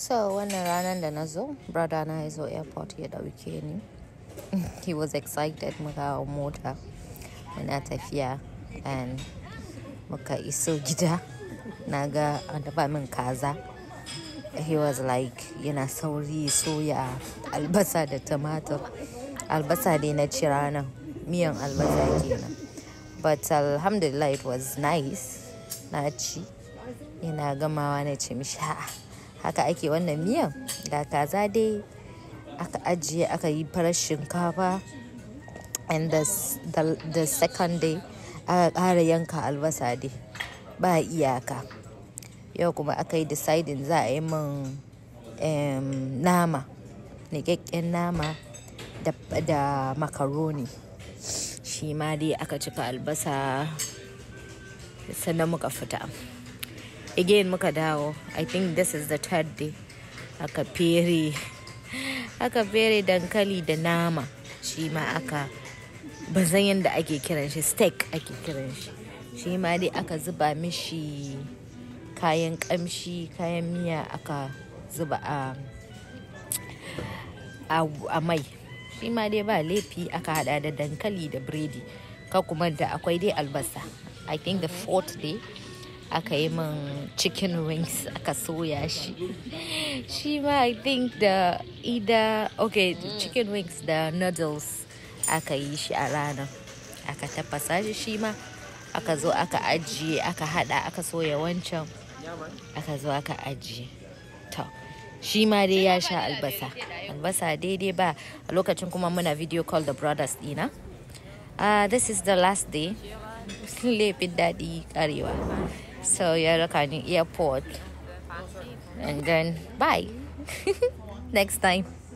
So when ranar and na zo, brother and I saw airport ya ɗauke ni. He was excited muka mota muna tafiya and muka iso gida na ga an dafa kaza. He was like "You sauri soya albasa da albasada Albasa albasada na ci ranar, miyan albasa But alhamdulillah it was nice. Nachi, you yana gamawa na ce haka ake wannan miyan da kaza dai aka ajiye aka yi farar shinkafa and the, second day aka ƙara yanka albasa dai ba iyaka yau kuma aka yi deciding za a yi min nama niƙaƙƙen nama da, da makaroni shi ma dai aka cika albasa sannan muka fita again muka dawo i think this is the third day aka fere aka fere dankali da nama shi ma aka bazan san yadda ake kiran shi steak ake kiran shi shi ma dai aka zuba mishi kayan kamshi kayan miya aka zuba a a mai shi ma dai ba laifi aka hada da dankali da biredi ka kuma da akwai dai albasa i think the fourth day aka yi min chicken wings aka soya shi shi ma i think da ida okay chicken wings da noodles aka yi shi a ranar aka tafasa shi shi ma aka zo aka ajiye aka hada aka soya wancan aka zo aka ajiye to shi ma dai ya sha albasa albasa daidai ba a lokacin kuma muna video call the brothers dina uh, this is the last day sleepy daddy Kariwa. So you're coming airport. And then bye. Next time.